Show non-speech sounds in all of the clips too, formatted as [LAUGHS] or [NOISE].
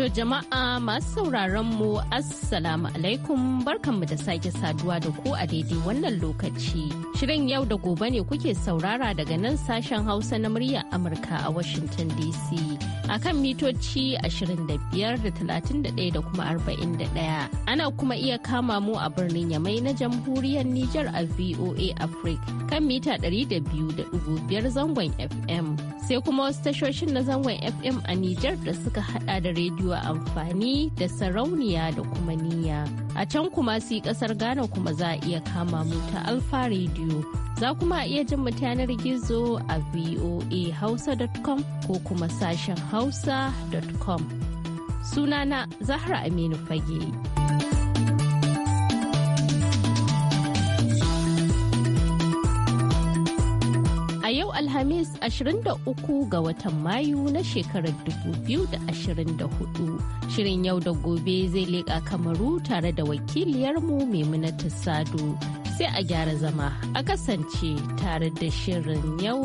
To jama'a masu sauraron mu assalamu alaikum barkanmu da sake saduwa da ku a daidai wannan lokaci. Shirin yau da gobe ne kuke saurara daga nan sashen Hausa na muryar Amurka a Washington DC. A kan mitoci 25 da da kuma 41. Ana kuma iya kama mu a birnin Yamai na jamhuriyar Nijar a VOA Africa kan mita 200.5 zangon FM. sai kuma wasu tashoshin na zangon fm a Nijar da suka hada da rediyo amfani da sarauniya da kuma niya a can kuma su kasar ghana kuma za a iya kama mu ta alfa rediyo za kuma a iya jin yanar gizo a voa hausa.com ko kuma sashen hausa.com sunana zahra aminu fage Alhamis 23 ga watan Mayu na shekarar 2024. Shirin yau da gobe zai leƙa kamaru tare da wakiliyarmu Maimunatu Sado. Sai a gyara zama a kasance tare da shirin yau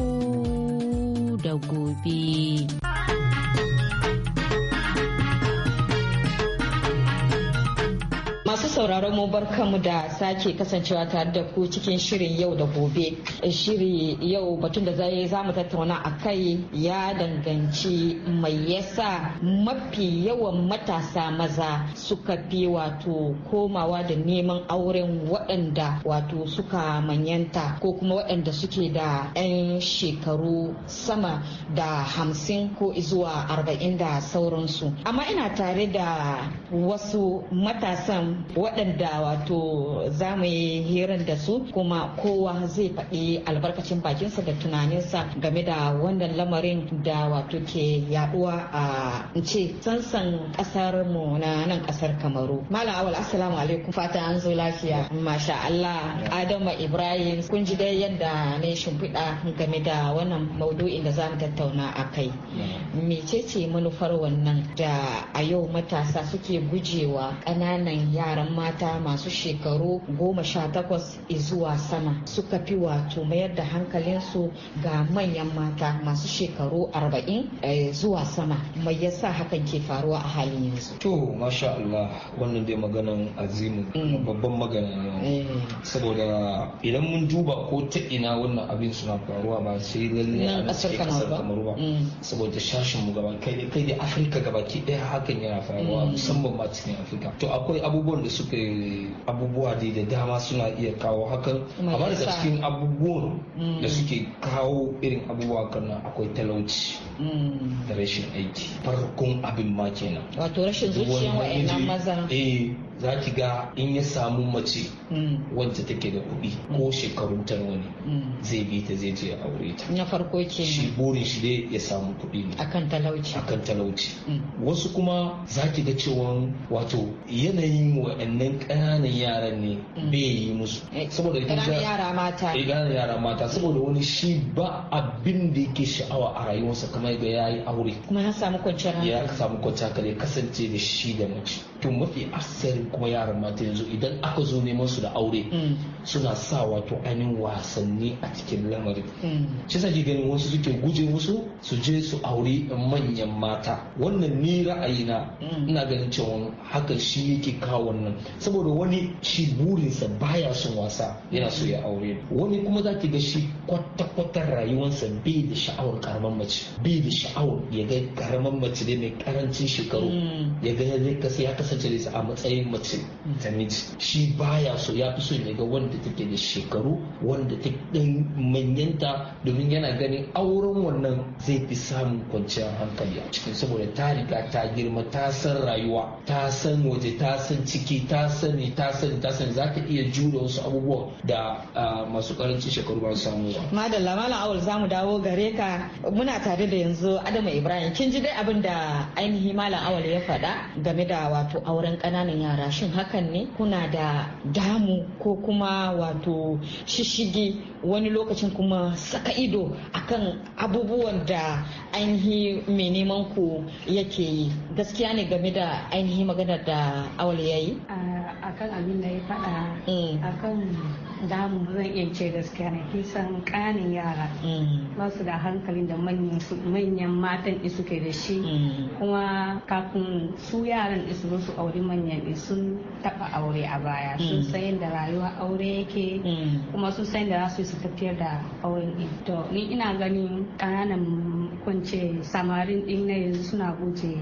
da gobe. Masu sauraron mu barkamu da sake kasancewa tare da ku cikin shirin yau da gobe. Shiri yau batun da zai za mu tattauna a kai ya danganci mai yasa mafi yawan matasa maza suka fi wato komawa da neman auren waɗanda wato suka manyanta ko kuma waɗanda suke da 'yan shekaru sama da hamsin ko zuwa arba'in da sauransu. Amma ina tare da wasu matasan waɗanda wato za mu yi hirar da su kuma kowa zai faɗi albarkacin bakinsa da tunaninsa game da wannan lamarin da wato ke yaduwa a ce sansan ƙasar mu na nan ƙasar kamaru malam awal assalamu alaikum fata an zo lafiya masha allah adama ibrahim kun ji dai yadda ne shimfiɗa game da wannan maudu'in da za mu tattauna a kai mecece manufar wannan da a yau matasa suke gujewa ƙananan ya yaran mata masu shekaru goma sha takwas zuwa sama suka fi wato mayar da hankalinsu ga manyan mata masu shekaru arba'in eh, zuwa sama mai yasa hakan ke faruwa a halin yanzu to masha Allah wannan dai maganan azimu mm. babban magana ne eh. saboda idan mun duba ko ta ina wannan abin suna faruwa ba sai lalle a kasar kamar ba mm. saboda shashin mu gaba kai da afirka gaba ki daya hakan yana faruwa mm. musamman ma cikin afirka to akwai abubuwan abubuwan da suka yi abubuwa da dama suna iya kawo hakan amma daga cikin abubuwan mm. da suke kawo irin abubuwa kana akwai talauci mm. da rashin aiki farkon abin ma kenan wato rashin zuciya wa'annan mazan eh, za ki ga in ya samu mace mm. wadda take da kuɗi ko mm. shekaru ta wani mm. zai bi ta zai je aure ta na farko ke shi burin shi dai ya samu kuɗi ne akan talauci akan talauci wasu kuma za ki ga cewa wato yanayin wa'annan ƙananan yaran ne bai yi musu eh, saboda ƙananan yara mata eh, ƙananan yara mata saboda wani shi ba abin da yake sha'awa a rayuwarsa kamar ga yayi aure kuma ya samu kwanciyar hankali ya samu kwanciyar hankali kasance da shi da mace to mafi aksarin kuma yaran mata yanzu idan aka zo neman su da aure mm. suna sa wato ainihin wasanni a cikin lamari. Mm. shi sa ganin wasu suke guje musu su je su aure manyan mata wannan ni na. Mm. ina ganin cewa haka shi yake kawo wannan saboda wani shi burinsa baya son wasa yana so ya aure wani kuma za ki ga shi kwata-kwata rayuwarsa bai da sha'awar karamar mace bai da sha'awar ya ga karaman mace ne mai karancin shekaru ya ga ya kasa. tattare a matsayin mace ta miji shi baya so ya fi so ya ga wanda take da shekaru wanda ta ɗin manyanta domin yana ganin auren wannan zai fi samun kwanciyar hankali a cikin saboda ta riga ta girma ta san rayuwa ta san waje ta san ciki ta sani ta sani ta sani za ta iya jure wasu abubuwa da masu karancin shekaru ba samu ba. Madalla Malam Awul za mu dawo gare muna tare da yanzu Adamu Ibrahim kin ji dai abin da ainihi Malam Awul ya faɗa game da wato auren ƙananan yara shin hakan ne kuna da damu ko kuma wato shishige wani lokacin kuma saka ido akan abubuwan da ainihi mai neman ku yake yi gaskiya ne game da ainihi maganar da awal ya yi akan abin da ya faɗa mm. akan damu zan iya ce gaskiya ne kin san kanin yara mm. ba su da hankalin da manyan matan isu ke da shi mm. kuma kafin su yaran isu su auri manyan sun taba aure a baya mm. sun san yadda rayuwa aure yake kuma sun san yadda za su tafiyar da auren to ni ina ganin kananan kwance samarin din na yanzu suna guje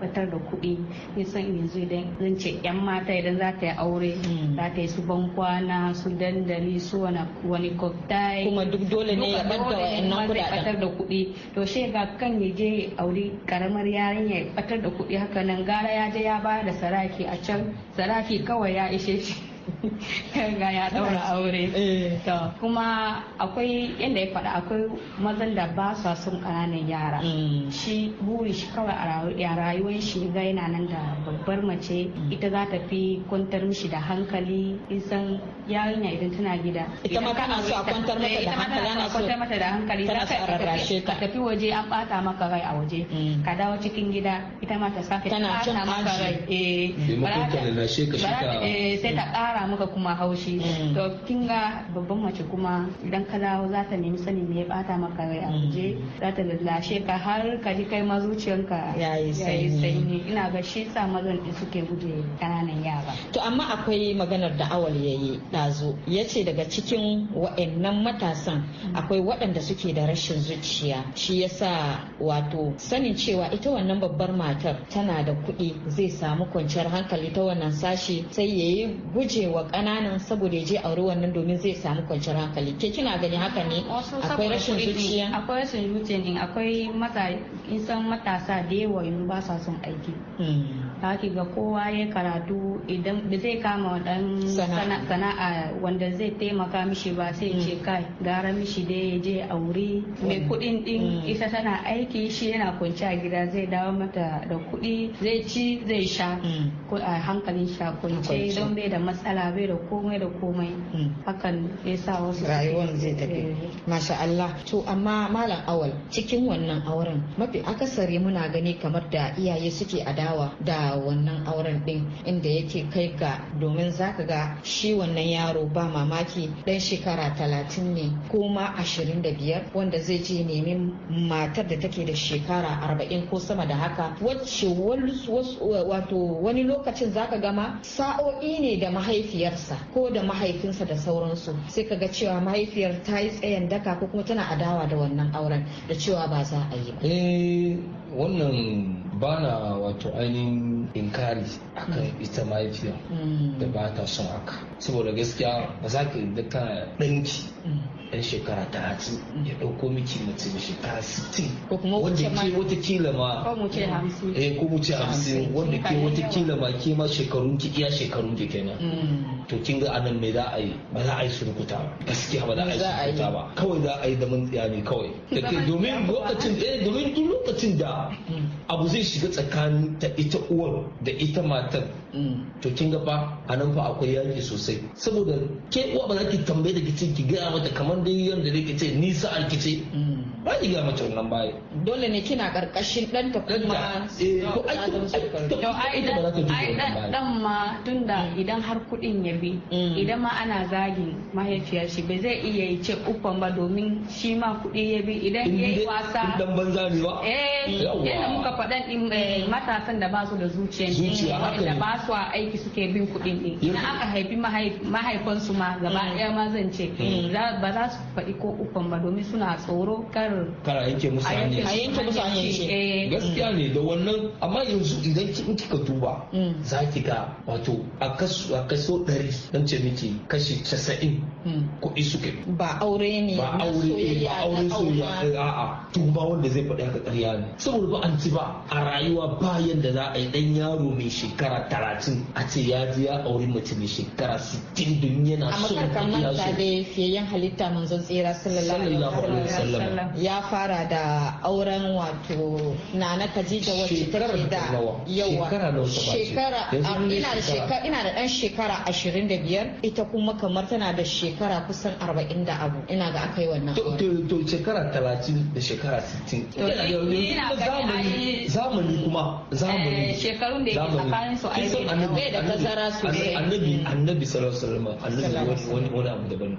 batar da kuɗi nisan yanzu idan zan ce yan mata idan za ta yi aure za ta yi su bankwana su danda dandali su wani koktai kuma duk dole ne ya ɓadda wa'annan kuɗaɗen da kuɗi to she ga kan ya je auri karamar yarin ya ɓatar da kuɗi haka nan gara ya je ya bayar da saraki a can saraki kawai ya ishe shi ga ya daura aure eh. kuma akwai yadda ya faɗa akwai mazan da ba su son ƙananan yara mm. shi buri shi kawai a rayuwar shi ga yana nan da babbar mace mm. ita za ta fi kwantar mishi da hankali isan yarinya idan tana gida ita ma kana so a kwantar mata da eh, hankali ana so kwantar mata da hankali ka tafi waje an bata maka rai a waje mm. ka dawo cikin gida ita ma ta sake eh. ta bata maka rai eh sai ta kara maka kuma haushi mm. to kin ga babban mace kuma idan ka dawo za ta nemi sani me ya bata maka rai a mm. waje za ta lallashe ka har ka ji kai ma zuciyanka yayi sanyi ina ga shi sa mazan din suke guje kananan yara to amma akwai maganar da awal yayi dazo yace daga cikin wa'annan matasan mm. akwai waɗanda suke da rashin zuciya shi yasa wato sanin cewa ita wannan babbar matar tana da kuɗi zai samu kwanciyar hankali ta wannan sashi sai yayi guje wa kananan saboda ya je ruwan nan domin zai samu kwanciyar hankali ke kina gani haka ne oh, akwai rashin zuciya akwai rashin zuciya ne akwai matsa in san matasa da yawa ba sa son aiki hmm. ki ga kowa ya karatu idan da zai kama dan sana'a wanda zai taimaka mishi ba sai ce mm. kai gara mishi dai ya je a wuri. mai mm. kudin din mm. Isa tana aiki shi yana kwanci a gida zai dawo mata da kudi zai ci zai sha a hankalin sha kwance don bai da matsala bai da komai da komai hakan ya sa wasu rayuwar zai tafi eh. masha Allah to amma malam awal cikin wannan auren mafi akasari muna gani kamar da iyaye suke adawa da a wannan auren ɗin inda yake kai ka domin za ka ga shi wannan yaro ba mamaki ɗan shekara talatin ne ko ma ashirin da biyar wanda zai je nemi matar da take da shekara arba'in ko sama da haka wacce wato wani lokacin za ka gama sa'o'i ne da mahaifiyarsa ko da mahaifinsa da sauransu sai ka ga cewa mahaifiyar ta yi tsayin daka ko kuma tana adawa da wannan auren da cewa ba za a yi ba. Eh, wannan bana wato ainihin inkari kan mm. ita mahaifiyar mm. da ba ta son haka saboda gaskiya ba za ka yi da ɗanki mm. dan shekara ta hatsi ya dauko miki mace da shekara sittin wanda ke kila ma ko mu ce hamsin eh, wanda ke kila ma ke ma shekarun ki iya shekarun ki kenan mm. to kin ga anan me za a yi ba za a yi surkuta ba gaskiya ba za a yi surkuta ba kawai za a yi da mun ne kawai domin lokacin eh domin duk lokacin da mm. abu zai shiga tsakanin ta ita uwar da ita matar mm. to kin ga fa anan fa akwai yaki sosai saboda ke uwa ba za ki tambaye da ki gaya mata kamar dai yi yanda ne ke ce nisa alkice mm. wajibi a mace wannan baya dole ne kina karkashin dan eh, ta kuma ko ai to ai dan ma tunda mm. idan har kudin ya bi mm. idan ma ana zagin mahaifiyar shi ba zai iya yi ce uban ba domin shi ma kudi ya bi idan ya yi wasa dan banza ne ba eh yadda muka faɗan din eh, mm. matasan da ba su da zuciya da ba su a aiki suke bin kudin ɗin. idan aka haifi mahaifansu ma gaba ɗaya ma zan ce ba za su faɗi ko uban ba domin suna tsoro kar kar kar a yanke musu hanyar a yanke musu hanyar shi eh. gaskiya ne da wannan amma yanzu idan kin kika duba mm. za ki ga wato a kaso a kaso 100 dan ce miki kashi 90 mm. kuɗi suke ba aure ne ba aure eh, ba aure soyayya eh, a'a tun ba wanda zai faɗi ka ƙarya ne saboda ba an ci ba a rayuwa ba yanda za a yi dan yaro mai shekara 30 a ce ya je ya aure mace mai shekara 60 dun yana so so a makarkar manta da fiyayyen halitta manzon tsira sallallahu alaihi wasallam ya fara da auren wato nana Khadija wacce take da yawa shekara ah, ina da shekara ina da dan ita kuma kamar tana da shekara kusan arba'in da abu ina ga akai wannan to shekara talatin da shekara sittin zamani kuma zamani eh, shekarun da yake tsakanin su ai bai da tazara su annabi annabi sallallahu alaihi wasallam annabi wani wani abu daban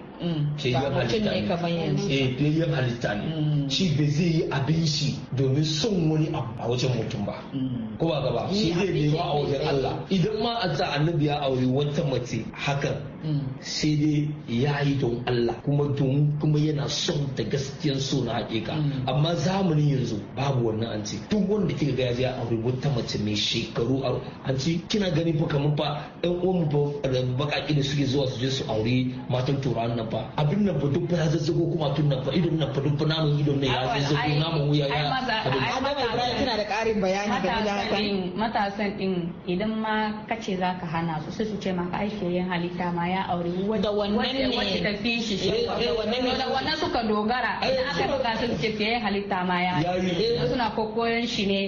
ke mm. yi halitta ne ke yi eh, halitta ne mm. shi bai zai yi abin shi domin son wani abu a wajen mutum ba mm. ko ba gaba shi zai nema a wajen Allah idan ma a sa annabi ya aure wata mace hakan mm. sai dai ya yi don Allah kuma don kuma yana son da gaskiyan so na hakika mm. amma zamanin yanzu babu wannan an ce duk wanda kika ga ya aure wata mace mai shekaru a an ce kina gani fa kamar fa ɗan uwan mu bakaki da suke zuwa su je su aure matan turawan nan ba. abin nan fa duk ba ya zazzago kuma tun nan fa idan nan fa duk ba namun idon mai ya zai naman wuya ya abin tana da karin bayani game da haka matasan din idan ma kace ka hana su sai su ce maka ai yin halitta ma ya aure wanda wannan ne wanda ta fi shi shi eh, eh, wannan suka dogara eh, idan aka buga su ce yin halitta ma ya aure suna kokoyon shi ne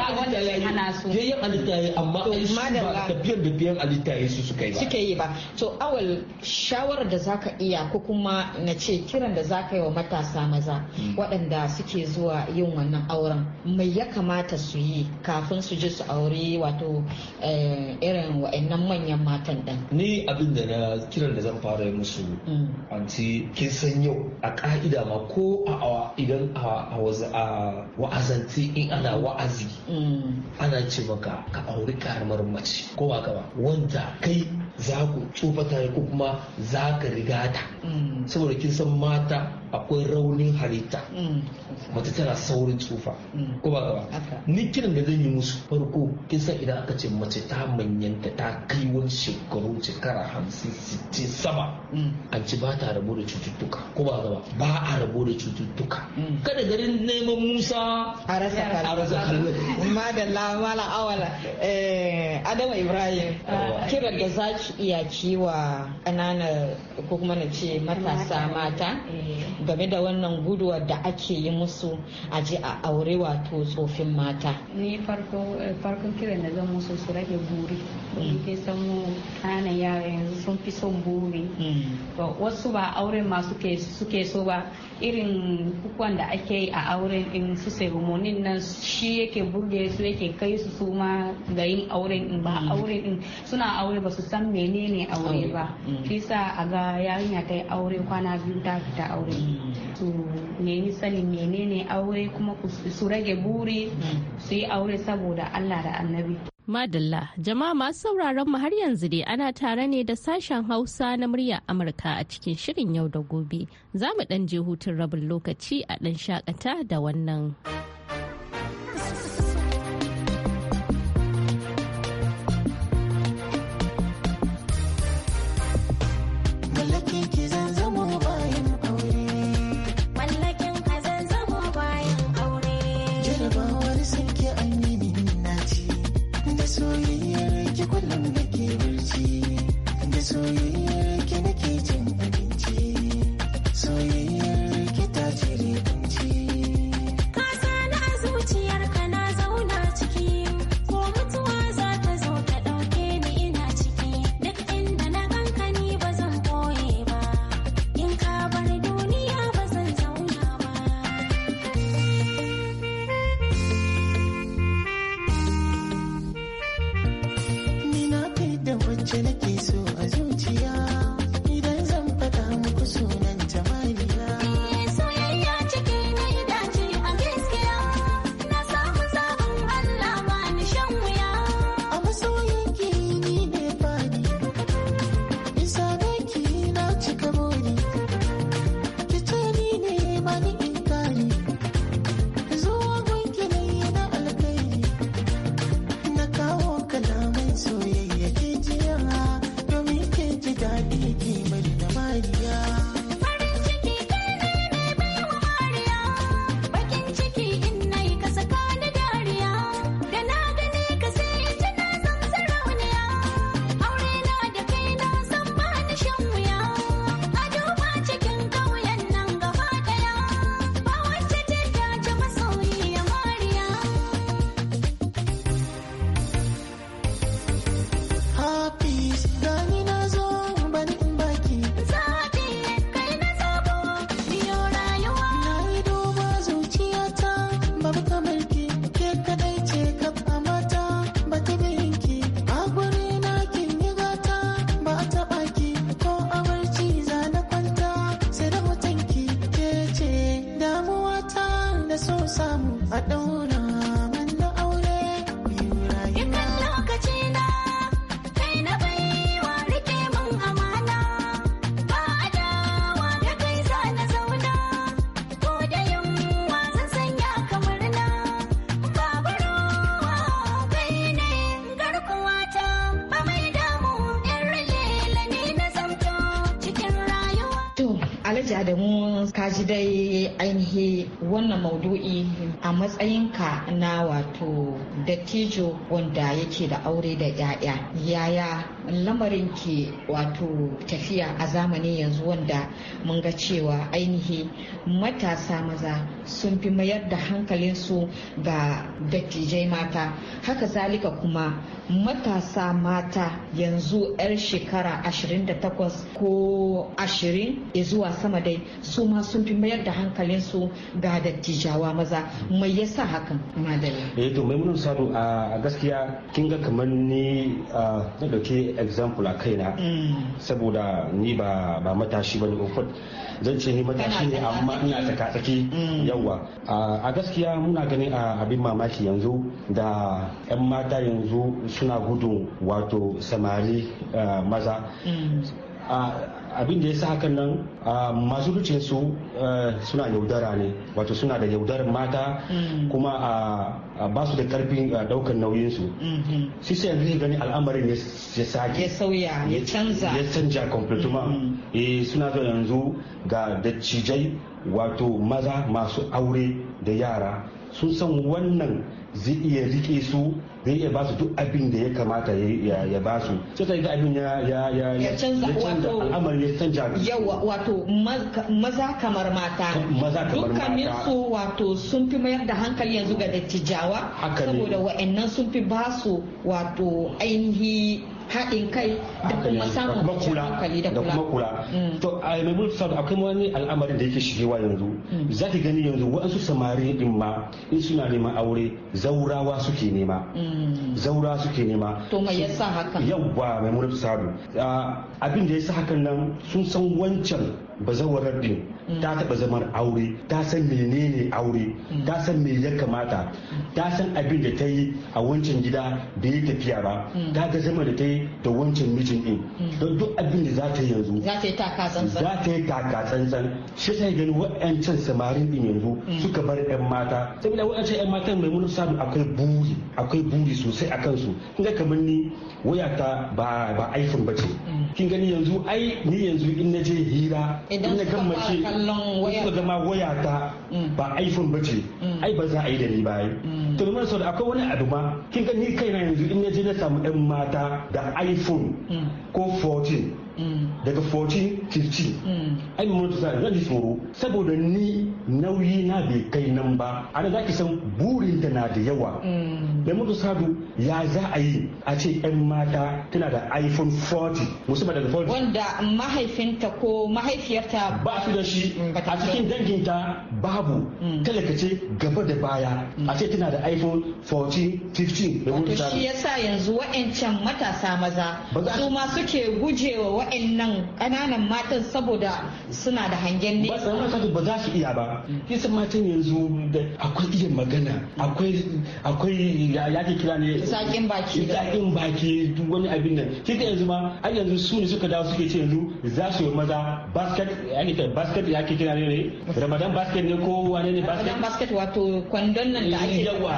ba wanda zai hana su yayin halitta ya amma ba tafiyar da biyan halitta ya su suka yi ba suka yi ba to awal shawarar da zaka iya ko kuma na ce kiran da zaka yi wa matasa maza Mm. waɗanda suke zuwa yin wannan auren mai ya kamata su yi kafin su je su aure wato eh, irin wa'annan manyan matan ɗin. ni abin da na kiran da zan fara yi musu mm. anti kin san yau a ka'ida ma ko a awa idan a wa'azanci in ana wa'azi mm. ana ce maka ka auri karamar mace ko ba ka ba wanda kai za ku tsufa tare ko kuma za ka riga ta mm. saboda kin san mata akwai raunin halitta mm. mata tana saurin tsufa mm. ko ba gaba ni kiran da zan yi musu farko kin san idan aka ce mace ta manyanta ta kai wani shekaru shekara hamsin sittin sama an ci ba ta rabo da cututtuka ko ba gaba ba a rabo da cututtuka kada garin neman musa a rasa kalmar da lamala awala eh, adama ibrahim ah. kiran da za ki iya kiwa ƙanana ko kuma na ce matasa mata eh. game da wannan guduwar da ake yi musu a ji a aure wato tsofin mata ni eh, farkon kiran da zan musu su rage buri ke mm. san mu ƙananan yara yanzu sun fi son buri mm. wasu ba auren ma suke so ba irin kukuwan da ake yi a auren in su ceremonin nan shi yake burge su yake kai su su ma ga yin auren in ba mm. auren in suna aure ba su san menene aure ba mm. shi sa a ga yarinya ta yi aure kwana biyu ta fita aure su mm. nemi sanin menene aure kuma su rage buri mm. su yi aure saboda allah da annabi Madalla, jama'a masu sauraron mu har yanzu dai ana tare ne da sashen Hausa na murya Amurka a cikin shirin yau da gobe. Za mu ɗan je hutun rabin lokaci a ɗan shakata da wannan. ɗauki wannan maudu'i a matsayinka na wato dattijo wanda yake da aure da 'ya'ya yaya lamarin ke wato tafiya a zamani yanzu wanda mun ga cewa ainihi matasa maza sun fi mayar da hankalinsu ga dattijai mata haka zalika kuma matasa mata yanzu 'yar shekara 28 ko 20 zuwa sama dai su ma sun fi mayar da hankalinsu ga dattijawa maza mai yasa hakan madalla eh, sadu a gaskiya kin ga kamar ni na dauke example a kaina mm. saboda ni ba ba matashi bane zan ce ni matashi ne amma ina tsaka tsaki mm. yawa a gaskiya muna ganin abin mamaki yanzu da yan mata yanzu suna gudun wato samari maza mm. abin da ya sa hakan nan masu rucin su eh, suna yaudara ne wato suna da yaudarar mata mm. kuma ba su da karfin daukan nauyin su mm-hmm. shi sai yanzu gani al'amarin ya sake ya sauya ya canza ya canja kuma mm-hmm. eh suna zo yanzu ga cijai wato maza masu aure da yara sun san wannan zai iya rike su zai iya basu duk abin da ya kamata ya basu sai ta ga abin ya ya ya canza al'amari ya canja yawa wato maza kamar mata maza kamar mata dukkan su wato sun fi mayar da hankali yanzu ga dattijawa saboda wa'annan sun fi basu wato ainihi haɗin kai da kuma samun hankali da kuma kula mm. to a maimun saudi akwai wani al'amarin da yake shigewa yanzu mm. za ki gani yanzu wa'ansu samari din ma in suna neman aure zaurawa suke nema mm. zaurawa suke nema to sa yasa hakan yawwa maimun saudi ah, abin da yasa hakan nan sun san wancan bazawarar din ta taba zamar aure ta san menene aure ta san me ya kamata ta san abin da ta yi a wancan gida da ya tafiya ba mm. ta ga zama da ta yi da wancan mijin din mm. don duk abin da za ta yi yanzu za ta yi taka tsantsan shi sai gani wa'ancan samarin din yanzu mm. suka bar yan mata saboda wa'ancan yan mata mai mun samu akwai buri akwai buri sosai a kansu kinga kamar ni wayata ba ba iPhone bace kin gani yanzu ai ni yanzu in na je hira in na gammace kallon wasu da gama waya ta mm. ba iphone ba ce mm. ai ba za a yi da ni ba yi mm. to da sau akwai wani abu ma kin ga ni kaina yanzu in na je na samu yan mata da iphone ko 14 Mm. daga 14 15 mm. ai mun ta zan ji tsoro saboda ni nauyi na bai kai nan ba ana za ki san burin da na da yawa da mm. mutu sadu ya za a yi a ce yan mata tana da iphone 40 musamman daga 40 wanda mahaifinta ko mahaifiyarta ba su da shi a cikin danginta babu talakace gaba da baya a ce tana da iphone 14 15 da mutu sadu wato shi yasa yanzu wa'ancan matasa maza su ma suke gujewa wa'annan ƙananan matan saboda suna da hangen ne. Ba tsaron ba za su iya ba. san matan yanzu akwai iya magana akwai akwai ya ke kira ne. Zaƙin baki. Zaƙin baki duk wani abin nan. ta yanzu ma ai yanzu su ne suka dawo suke ce yanzu za su yi maza basket yani kai basket ya ke kira ne Ramadan basket ne ko wane ne basket. Ramadan basket wato kwandon nan da ake yawa.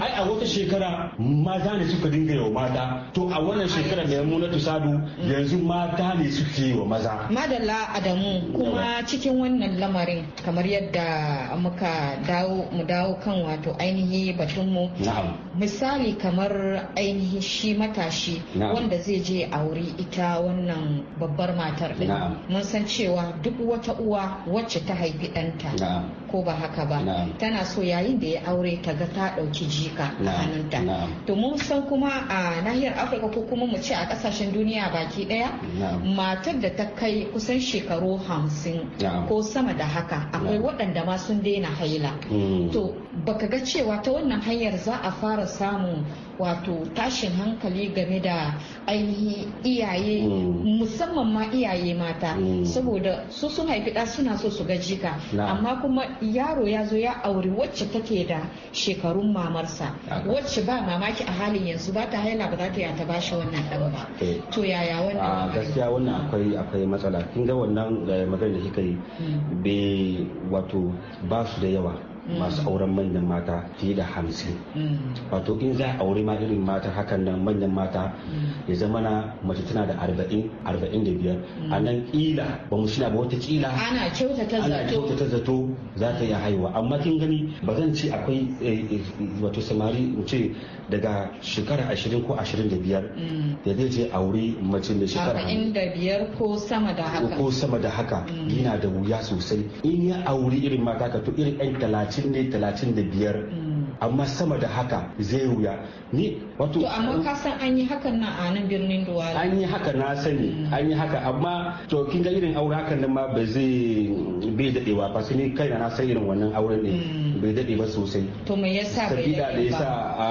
Ai a wata shekara maza ne suka dinga yau mata to a wannan shekara ne mu na tusadu yanzu mata ne suke wa maza madalla adamu kuma cikin wannan lamarin kamar yadda muka dawo mu dawo kan wato ainihi batunmu misali kamar ainihi shi matashi wanda zai je auri ita wannan babbar matar din mun san cewa duk wata uwa wacce ta haifi ɗanta ko ba haka ba tana so yayin da ya aure ta ga ta ɗauki jika a hannunta to mun san kuma a nahiyar afirka ko kuma mu ce a kasashen duniya baki ɗaya matar da ta kai kusan shekaru hamsin ko sama da haka akwai waɗanda ma sun daina haila hmm. to baka ga cewa ta wannan hanyar za a fara samun wato tashin hankali game da ainihin iyaye mm. musamman ma iyaye mata mm. saboda su sun haifi ɗa suna so su gajika amma kuma yaro ya zo ya auri wacce take da shekarun mamarsa wacce ba mamaki a halin yanzu ba ta haila ba za ta yata bashi wannan ɗaba ba eh. to yaya wannan gaskiya wannan akwai matsala kinga wannan eh, magana da kika yi mm. bai wato ba su da yawa Mm. masu auren manyan mata fiye da hamsin mm. wato in za a aure ma irin mata hakan nan manyan mata mm. ya zama na mace tana da arba'in arba'in da biyar a nan kila ba mu shina ba wata kila ana kyautata zato za ta iya haihuwa amma kin gani ba zan ce akwai eh, eh, wato samari in ce daga shekara ashirin ko ashirin da biyar da zai je aure mace da shekara arba'in da biyar ko sama da haka ko sama da haka yana da wuya sosai in ya aure irin mata ka to irin yan talatin 30 ne 35 mm. amma sama da haka zai wuya ni wato to amma ka san an yi hakan na a nan birnin duwala an yi haka na sani mm. an yi haka amma to kin ga irin aure hakan nan ma ba zai bai dadewa ba sai ni kaina na san irin wannan auren ne mm. bai dade ba sosai to me yasa bai dade da yasa a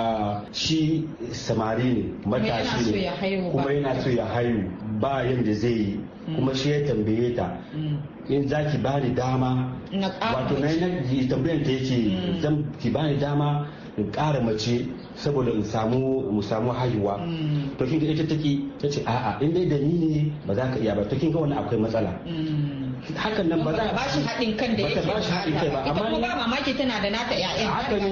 shi samari ne matashi ne kuma yana so ya haihu ba yadda zai yi kuma shi ya tambaye ta in za ki ba ni dama wato na yi tambayan ta yake mm. zan ki ba ni dama in ƙara mace saboda in samu mu samu haihuwa mm. to kin ga ita take ta ce a'a in dai da ni ne ba za ka iya ba to kin ga wani akwai matsala mm. hakan nan ba za a ba shi haɗin kan da yake ba shi haɗin kai ba amma kuma ba mamaki tana da nata ƴaƴan haka ne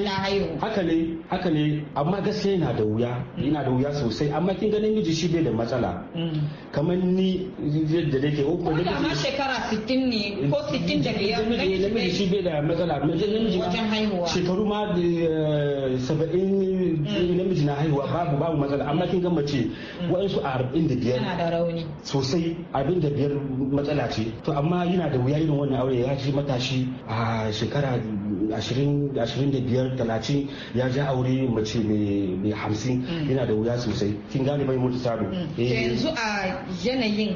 haka ne haka ne amma gaskiya yana da wuya yana da wuya sosai amma kin ganin miji shi bai da matsala mm. kamar ni yadda nake ko da ma shekara 60 ne ko 60 da biyar miji shi bai da matsala miji wajen haihuwa shekaru ma 70 eh, mm. namiji na haihuwa babu babu matsala amma kin ga mace mm. wa'ansu 45 sosai abin da biyar matsala ce to amma yana da wuya irin wannan aure ya ji matashi a shekara ashirin da biyar talatin ya ji aure mace mai hamsin yana mm. da wuya sosai kin gane mai mutu sabo mm. eh. yanzu a yanayin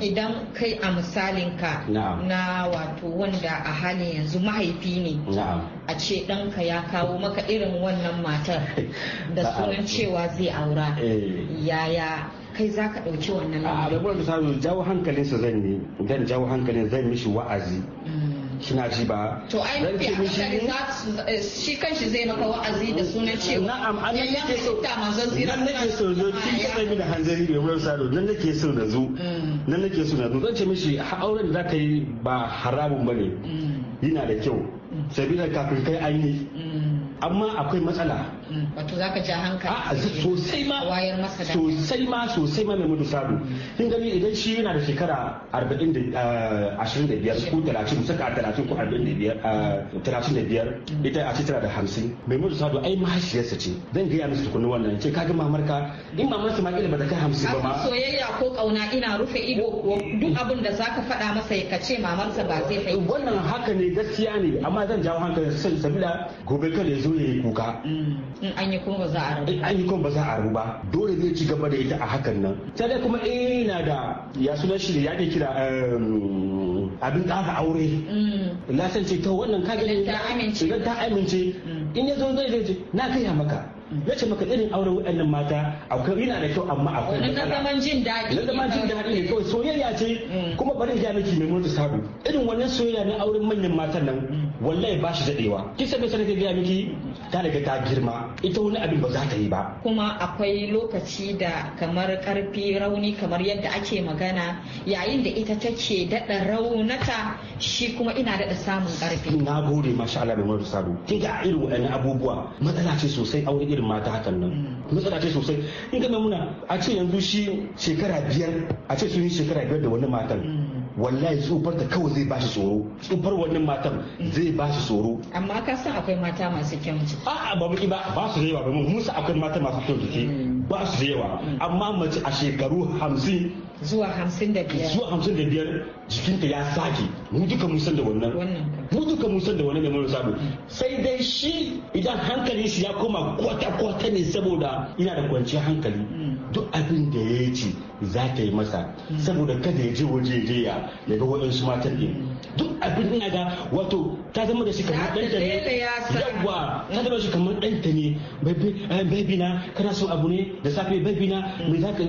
idan kai a misalinka na wato wanda a halin yanzu mahaifi ne a ce ɗanka ya kawo maka irin wannan matar [LAUGHS] da sunan cewa zai aura eh. yaya kai za ka ɗauki wannan a rabuwar misali jawo sa zan yi dan jawo hankalin zan mishi wa'azi suna mm. ji ba. To ai mafi akasari eh, shi kan shi zai maka wa'azi da sunan cewa. Na'am an ke so. Nan nake so zo kin kada mi da hanzari bai wurin sadu, nan nake so na zo. Mm. Nan nake so na zo zan ce mishi auren da ka yi ba haramun bane. Mm. Yana da kyau. Sabila kafin kai an yi. amma akwai matsala hmm, wato ka ja hankali sosai ma wayar masa da sosai ma sosai ma mai mudu sadu kin gani idan shi yana da shekara 25 ah, ko 30 saka 30 ko 35 ah, hmm. ita a cikin tana da 50 mai mudu sadu ai mahaifiyarsa ce zan gaya musu tukunna wannan ce kaga mamarka in mamarsa ma kila ba ta kai 50 ba ma soyayya ko kauna ina rufe ido duk abin da zaka faɗa masa ya kace mamarsa ba zai fahimta wannan haka ne gaskiya ne amma zan jawo hankali sabila gobe kan yanzu zo ya yi kuka mm. an yi kuma ba za a rabu an yi kuma ba za rabu ba dole zai ci gaba da ita a hakan nan ta dai kuma eh na da ya sunan shi ya ke kira ehm, abin ƙara aure mm. na san ce ta wannan kage idan ta amince mm. in ya zo zai zai na kai maka na ce maka irin auren wa'annan mata akwai yana da kyau amma akwai wani da kala jin na zaman jin daɗi ne kawai soyayya ce mm. kuma bari ya miki mai mutu sabu irin wannan soyayya na auren manyan matan nan wallahi ba shi daɗewa kisa bai sanar da ya miki ta ta girma ita wani abin ba za ta yi ba kuma akwai lokaci da kamar karfi rauni kamar yadda ake magana yayin da ita take daɗa raunata shi kuma ina daɗa samun karfi na gode masha Allah mai sadu kin ga irin waɗannan abubuwa matsala ce sosai wani irin mata hakan nan mm. matsala ce sosai in ga muna a ce yanzu shi shekara biyar a ce sun yi shekara biyar da wani matan mm. wallahi tsufar ta kawai zai ba bashi tsoro tsufar wannan matan zai bashi tsoro amma ka san akwai mata masu kyan a a'a ba ba ba su da yawa ba mun akwai mata masu kyan jiki mm. ba su da yawa amma mace a shekaru hamsin zuwa hamsin da biyar zuwa hamsin da biyar jikinta ya sake mu duka mun san da wannan mu duka mun san da wannan da mun samu sai dai shi idan hankalin shi ya koma kwata kwata ne saboda ina da kwanciyar hankali mm. duk abin da ya ce za ta yi masa mm. saboda kada ya je waje je ya ya ga waɗansu matan ne mm. duk abin ina ga wato ta zama da shi kamar ɗanta ne yawa ta zama shi kamar ɗanta ne eh, baby na kana son abu ne da safe baby na mai za ka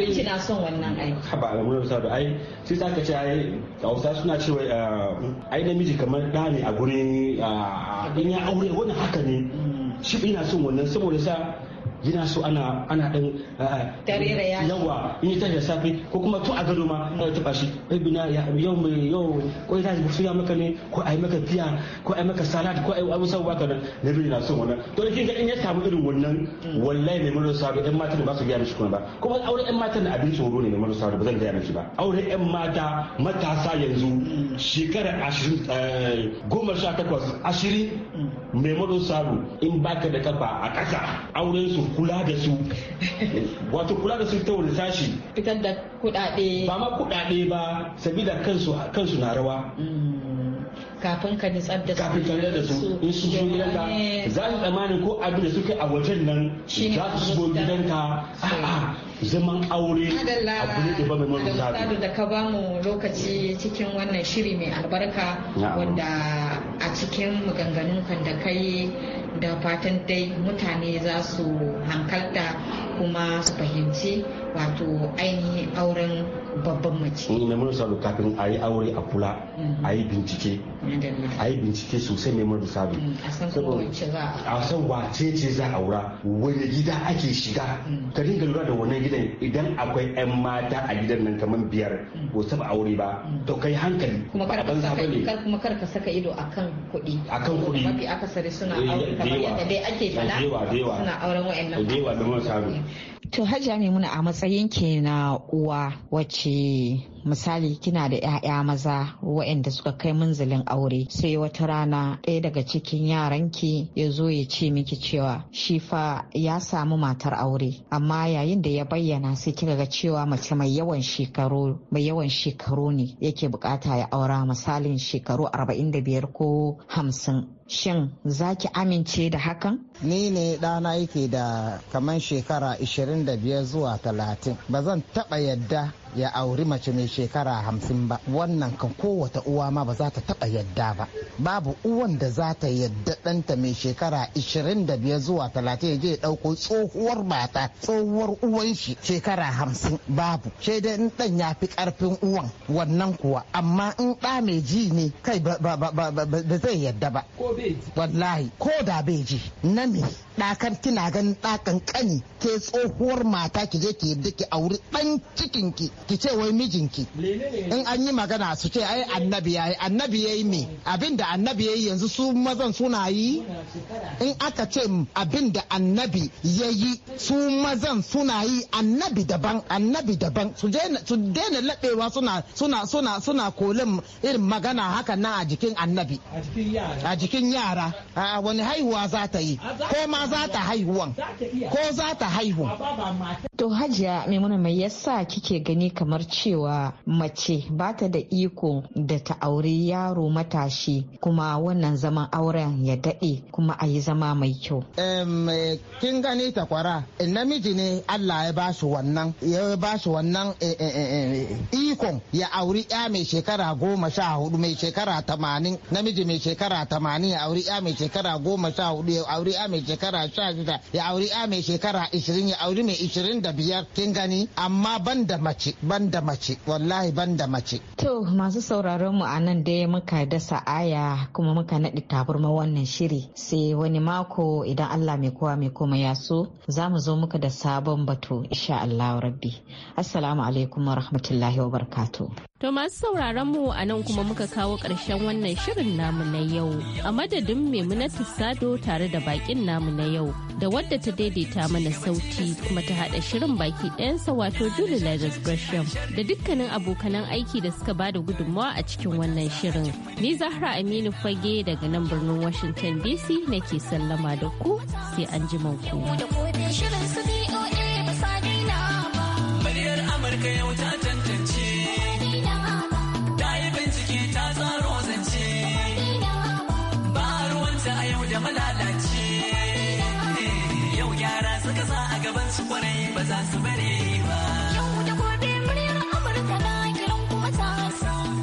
yi na son wannan ai haba alamun da ai sai sa ce ai hausa suna cewa eh, ai namiji kamar da ne a gurin eh, in ya aure wani haka ne mm. shi ina son wannan saboda sa gina su ana ana dan yawa in ta da safi ko kuma to a gado ma na ta taba shi ibina ya yau mai yau ko ina da ya maka ne ko ai maka fiya ko ai maka salad ko ai abu sabuwa baka nan da na so wannan to kin ga in ya samu irin wannan mm. wallahi mai mun sabi ɗan matan ba su gaya mishi kuma ba kuma aure ɗan matan da abin tsoro ne mai mun sabi ba zan gaya miki ba aure ɗan mata matasa yanzu mm. shekara 20 eh, goma sha takwas ashirin mm. mai mun sabi in baka da kafa a ƙasa auren su kula da su wato kula da su ta wani tashi fitar da kudade ba ma kudade ba sabida kansu kansu na rawa mm. kafin ka nitsar da su kafin ka da su in su zo ka za su tsamanin ko abin da suka a wajen nan za su shigo gidanka a'a zaman aure abu ne ba mai marubuta da ka ba mu lokaci cikin wannan shiri mai albarka wanda a cikin maganganun kan da kai da fatan dai mutane za su hankalta kuma su fahimci wato ainihin auren babban mace. Mai mura da kafin a yi aure a kula mm. a yi bincike. A yi bincike sosai mai mura salu. Mm, a san wace za a. A san wace ce za a aura wani gida ake shiga. Mm. Ka dinga lura da wannan gidan idan akwai 'yan mata a gidan nan kamar biyar ko saba aure ba to kai hankali. Kuma kar ka saka kuma kar ka saka ido akan kuɗi. Akan kuɗi. Mafi akasari suna eh, aure kamar yadda dai ake fada. Suna auren wa'annan. Da yawa da mura To Hajiya Maimuna a matsayin ke na uwa wacce misali kina da 'ya'ya maza waɗanda suka kai munzalin aure sai wata rana ɗaya daga cikin yaranki ya zo ya ce miki cewa shi fa ya samu matar aure amma yayin da ya bayyana sai kika ga cewa mace mai yawan shekaru mai yawan shekaru ne yake bukata ya aura misalin shekaru 45 ko 50 shin za ki amince da hakan? Ni ne ɗana yake da kamar shekara 25 zuwa 30 ba zan taɓa yadda ya auri mace mai shekara hamsin ba wannan kan kowata uwa ma ba za ta taba yadda ba babu uwan da za ta yadda ɗanta mai shekara 25 zuwa 30 ya je ɗauko tsohuwar mata tsohuwar uwan shi shekara hamsin babu sai dai in ɗan ya fi ƙarfin uwan wannan kuwa amma in ɗa mai ji ne kai ba zai yadda ba wallahi ko da bai ji na me ɗakan kina ganin ɗakan ƙani ke tsohuwar mata ki je ki yadda ki auri ɗan cikin ki ki ce wai mijinki in an yi magana su ce ai annabi yayi annabi yayi me abinda annabi yayi yanzu su mazan suna yi in aka ce abinda annabi yayi su mazan suna yi annabi daban annabi daban su daina laɓewa suna suna suna suna kolin irin magana haka na a jikin annabi a jikin yara a wani haihuwa za ta yi ko ma za ta haihuwan ko za ta haihu to hajiya maimuna mai yasa kike gani kamar cewa mace ba ta da iko da ta auri yaro matashi kuma wannan zaman auren ya daɗe kuma a yi zama mai kyau. kin gani ta kwara namiji ne Allah ya ba su wannan ya ba su wannan eh, eh, eh, ikon ya auri ya mai shekara goma sha hudu mai shekara tamanin namiji mai shekara tamanin ya auri ya mai shekara goma sha hudu ya auri ya mai shekara sha shida ya auri ya mai shekara ishirin ya auri mai ishirin da biyar kin gani amma ban da mace ban da mace wallahi ban da mace. To masu sauraron mu a nan dai muka dasa aya kuma muka naɗi taburma wannan shiri sai wani mako idan Allah mai kowa mai koma ya so za mu zo muka da sabon batu insha Allah rabbi. Assalamu alaikum wa rahmatullahi wa barakatuh. To masu sauraron mu a nan kuma muka kawo ƙarshen wannan shirin namu na yau. A madadin Maimunatu Sado tare da bakin namu na yau da wadda ta daidaita mana sauti kuma ta haɗa shirin baki ɗayansa wato Julie Lazarus Gresham da dukkanin abokanan aiki da suka ba da gudunmawa a cikin wannan shirin. Ni Zahra Aminu Fage daga nan birnin Washington DC nake sallama da ku sai an ji ku. Amurka ta